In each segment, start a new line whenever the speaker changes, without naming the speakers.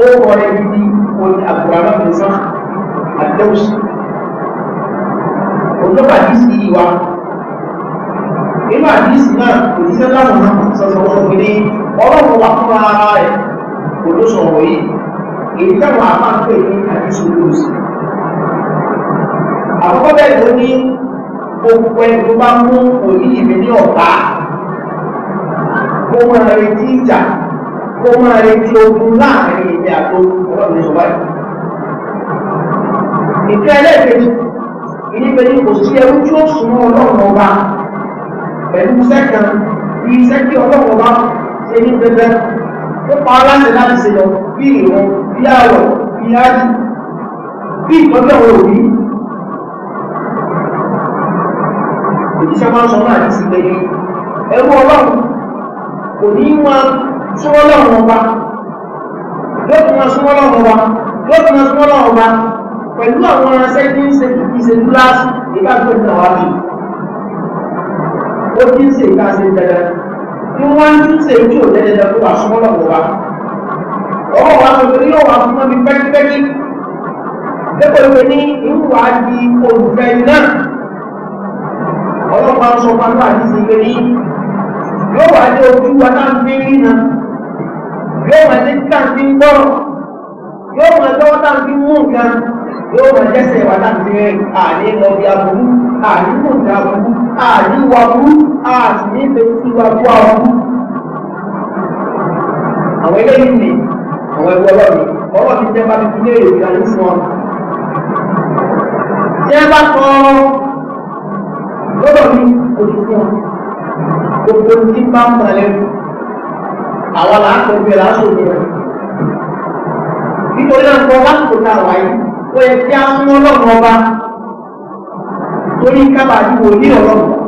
orúkọ rẹ̀ gidi oní àbúràmà nìsan àdéhùsì òjọba àdìsí yìí wa nínú àdìsí náà òjíṣẹ́ láwọn náà sọ̀rọ̀ wọn pé ní ọlọ́run wà fún ara rẹ̀ kò ló sọ̀rọ̀ yìí èyí táwọn àbá ń pè ní àdìsí olóòsì àkọ́kọ́ bẹ́ẹ̀ ló ní gbogbo ẹni tó bá mú òní ìbí ní ọ̀tá ó máa kó máa retí ogun láàrin ìgbé àtó ọlọ́run ìjọba yìí. ìfẹ́ ẹlẹ́ẹ̀kejì ìníbẹ̀ni kò sí ẹrú tí ó súnmọ́ ọlọ́run ọba pẹ̀lú sẹ́kàn bí sẹ́kì ọlọ́run ọba ṣe ní pẹpẹ ó pa aláṣẹ láti ṣe lọ bí ìwọ̀n bí àwọ̀ bí ájú bí ìtọ́jú àwọn òbí òjíṣẹ́ máa ń sọ náà ní sí pé ẹrú ọlọ́run kò ní wọn súnmọ́lọ́run ọba yóò tún máa súnmọ́lọ́run ọba yóò tún máa súnmọ́lọ́run ọba pẹ̀lú àwọn aránsẹ́ tí ń ṣe kìkì ṣe gíláàsì ìgbàgbé ìtàwájú ó kí ń ṣe ìgbà ṣe dẹdẹ tí wọ́n ń tún ṣe ìjọ dẹdẹdẹ tó wà súnmọ́lọ́run ọba ọwọ́ wa sọ pé yóò wà fún ọbí pẹ́kípẹ́kí dépò ìwé ní ìwà di olùfẹ́ náà ọlọ́pàá sọ pàtó àti ìṣègbè ní yóò wà ní ojú wa náà ń bí rí náà yóò máa ní káàkiri ń gbọ́rọ̀ yóò máa lọ́wọ́ táàkiri ń mú nǹkan yóò máa jẹ́sẹ̀ wà láti rẹ̀ àní lọ bí aburú àní mú nǹkan aburú àní wà burú àti ní ìfẹ̀sí wà bú aburú. àwọn eléyìí ni àwọn ẹgbẹ́ ọlọ́run ọwọ́ ti jẹ́ bá ti fi léèrè ìgbàlú fún ọ. jẹ́ bá kọ́ lọ́dọ̀ mi òṣùwọ̀n gbogbo ti bá ń balẹ̀ fún àwọn làákò bíi làásù bíi rẹ̀. nítorí náà nǹkan lásìkò náà wáyé ó yẹ kí á mú ọlọ́run ọba torí kábàá ti wò ọlọ́run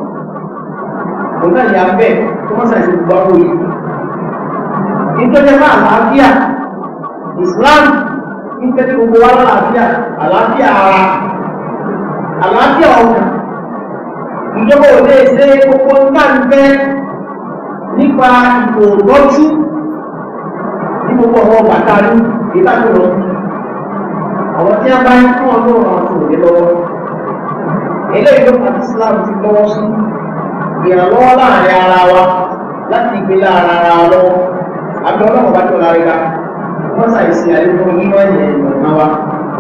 kò náà yà bẹ́ẹ̀ kó wọ́n ṣàṣì gbọ́ ọ́ yìí. nítorí náà àlàáfíà Islam ń tẹ́tí gbogbo wa lálàáfíà àlàáfíà ara àlàáfíà ọkàn ìjọba ò lè ṣe gbogbo nǹkan bẹ́ẹ̀ nípa ipò lọ́jú ní gbogbo ọmọ bàtà ní ìdájọ́ lọ. Àwọn tí a bá ń fún ọmọ ọ̀rọ̀ tó lè lọ́wọ́. Eléyìí ló pàtó Islam ti lọ́wọ́ sí ìrànlọ́wọ́ láàrin ara wa láti gbé láàrin ara wa lọ́wọ́. Àbí ọlọ́run bá tó lárí ká. Wọ́n ṣàìsí àlékún yíyọ́ ẹ̀yẹ̀ ìmọ̀ náà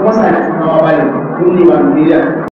Wọ́n ṣàìsí àwọn abalẹ̀ tó lè Nàìjíríà.